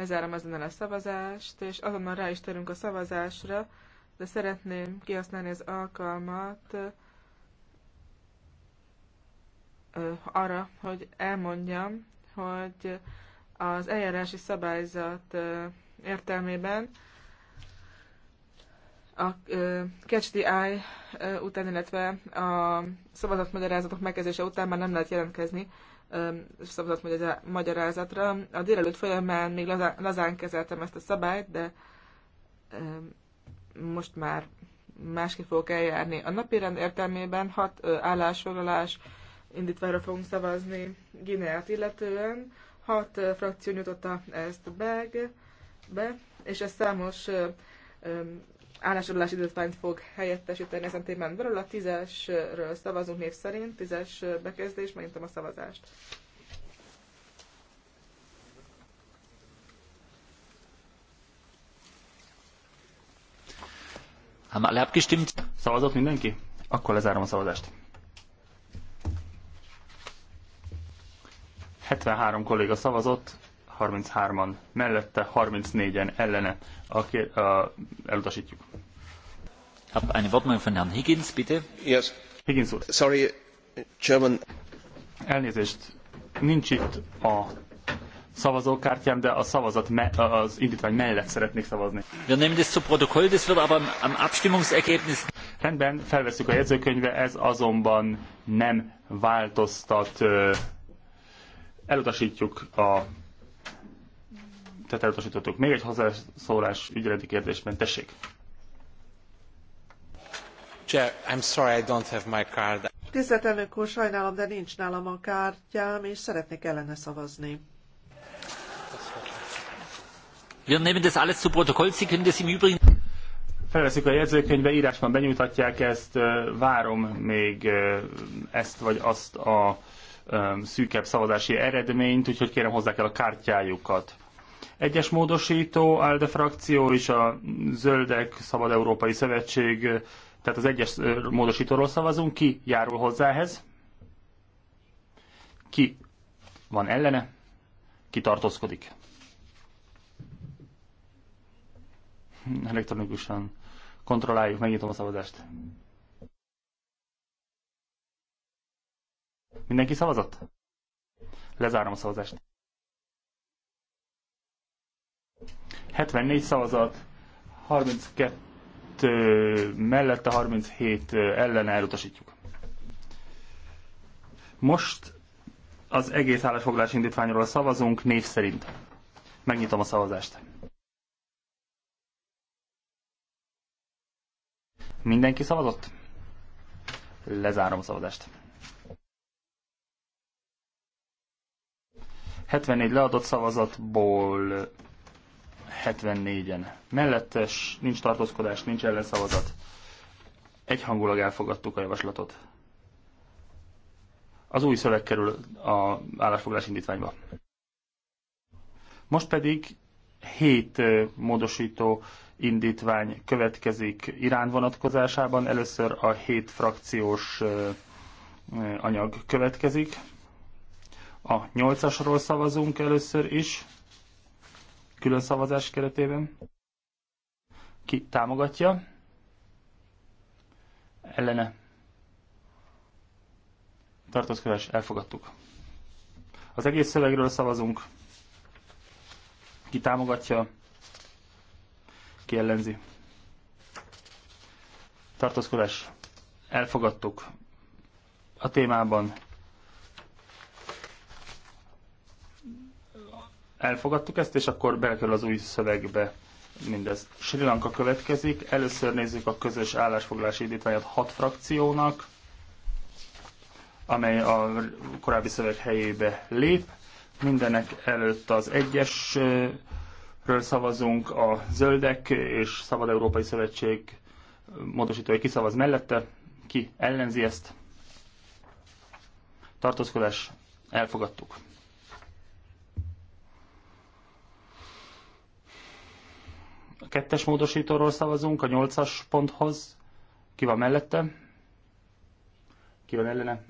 Lezárom ezen a szavazást, és azonnal rá is terünk a szavazásra, de szeretném kihasználni az alkalmat arra, hogy elmondjam, hogy az eljárási szabályzat értelmében a kecsdi áj után, illetve a szavazatmagyarázatok megkezdése után már nem lehet jelentkezni szavazat magyarázatra. A délelőtt folyamán még lazán kezeltem ezt a szabályt, de most már másképp fogok eljárni. A napi rend értelmében hat állásfoglalás indítványra fogunk szavazni Gineát illetően. Hat frakció nyújtotta ezt be, be és ez számos állásodulási időtványt fog helyettesíteni ezen témán belül. A tízesről szavazunk név szerint, tízes bekezdés, megnyitom a szavazást. Haben már abgestimmt? Szavazott mindenki? Akkor lezárom a szavazást. 73 kolléga szavazott, 33-an mellette, 34-en ellene. Aki, uh, elutasítjuk. Hab eine Wortmeldung von Herrn Higgins, bitte. Yes. Higgins úr. Sorry, German. Elnézést, nincs itt a szavazókártyám, de a szavazat me- az indítvány mellett szeretnék szavazni. Wir nehmen das zu Protokoll, das wird aber am Abstimmungsergebnis... Rendben, felveszük a jegyzőkönyvbe, ez azonban nem változtat. Elutasítjuk a tehát elutasítottuk. Még egy hozzászólás ügyeleti kérdésben, tessék. I'm sorry, I don't have my card. Tisztelt elnök úr, sajnálom, de nincs nálam a kártyám, és szeretnék ellene szavazni. Wir nehmen das alles zu Protokoll. Sie können das im Übrigen felveszik a jegyzőkönyvbe, írásban benyújtatják ezt, várom még ezt vagy azt a szűkebb szavazási eredményt, úgyhogy kérem hozzák el a kártyájukat. Egyes módosító, ALDE frakció és a Zöldek Szabad Európai Szövetség, tehát az egyes módosítóról szavazunk. Ki járul hozzá ehhez? Ki van ellene? Ki tartózkodik? Elektronikusan kontrolláljuk, megnyitom a szavazást. Mindenki szavazott? Lezárom a szavazást. 74 szavazat, 32 mellett a 37 ellen elutasítjuk. Most az egész állásfoglalás indítványról szavazunk név szerint. Megnyitom a szavazást. Mindenki szavazott? Lezárom a szavazást. 74 leadott szavazatból 74-en. Mellettes nincs tartózkodás, nincs ellenszavazat. Egyhangulag elfogadtuk a javaslatot. Az új szöveg kerül a állásfoglalás indítványba. Most pedig hét módosító indítvány következik Irán vonatkozásában. Először a hét frakciós anyag következik. A nyolcasról szavazunk először is külön szavazás keretében. Ki támogatja? Ellene. Tartózkodás elfogadtuk. Az egész szövegről szavazunk. Ki támogatja? Ki ellenzi? Tartózkodás elfogadtuk. A témában elfogadtuk ezt, és akkor belekerül az új szövegbe mindez. Sri Lanka következik. Először nézzük a közös állásfoglalási indítványát hat frakciónak, amely a korábbi szöveg helyébe lép. Mindenek előtt az egyesről szavazunk, a Zöldek és Szabad Európai Szövetség módosítói kiszavaz mellette, ki ellenzi ezt. Tartózkodás, elfogadtuk. kettes módosítóról szavazunk, a nyolcas ponthoz. Ki van mellette? Ki van ellene?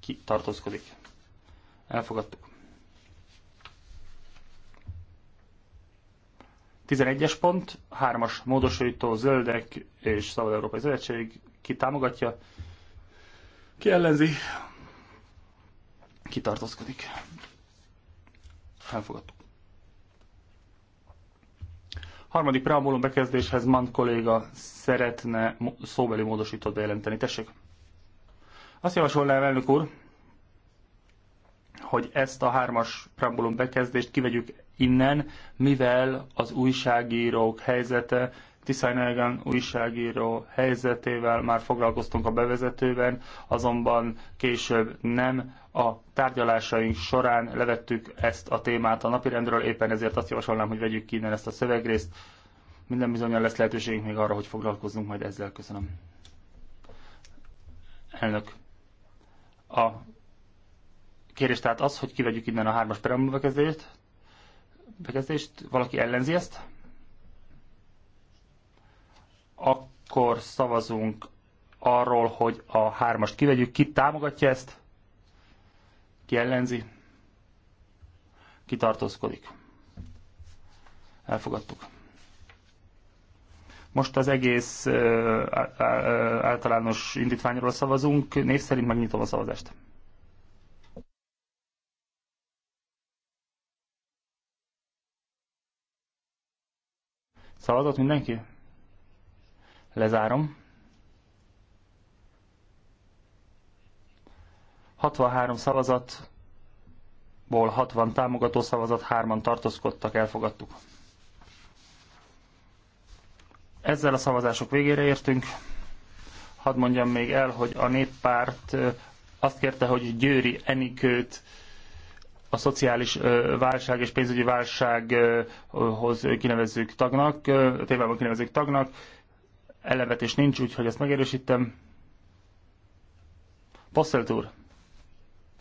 Ki tartózkodik? Elfogadtuk. 11-es pont, 3-as módosító zöldek és Szabad Európai Zöldség, ki támogatja, ki ellenzi, ki tartózkodik. Elfogadtuk. Harmadik preambulum bekezdéshez Mant kolléga szeretne szóbeli módosítót bejelenteni. Tessék! Azt javasolnám, elnök úr, hogy ezt a hármas preambulum bekezdést kivegyük innen, mivel az újságírók helyzete Tiszainelgen újságíró helyzetével már foglalkoztunk a bevezetőben, azonban később nem a tárgyalásaink során levettük ezt a témát a napirendről, éppen ezért azt javasolnám, hogy vegyük ki innen ezt a szövegrészt. Minden bizonyal lesz lehetőségünk még arra, hogy foglalkozzunk majd ezzel. Köszönöm. Elnök. A kérés tehát az, hogy kivegyük innen a hármas preambul bekezdést. Bekezdést. Valaki ellenzi ezt? akkor szavazunk arról, hogy a hármast kivegyük. Ki támogatja ezt? Ki ellenzi? Ki tartózkodik? Elfogadtuk. Most az egész általános indítványról szavazunk. Név szerint megnyitom a szavazást. Szavazott mindenki? Lezárom. 63 szavazatból 60 támogató szavazat, 3-an tartózkodtak, elfogadtuk. Ezzel a szavazások végére értünk. Hadd mondjam még el, hogy a néppárt azt kérte, hogy Győri Enikőt a szociális válság és pénzügyi válsághoz kinevezzük tagnak, tévában kinevezzük tagnak, ellenvetés nincs, úgyhogy ezt megerősítem. Passzelt úr!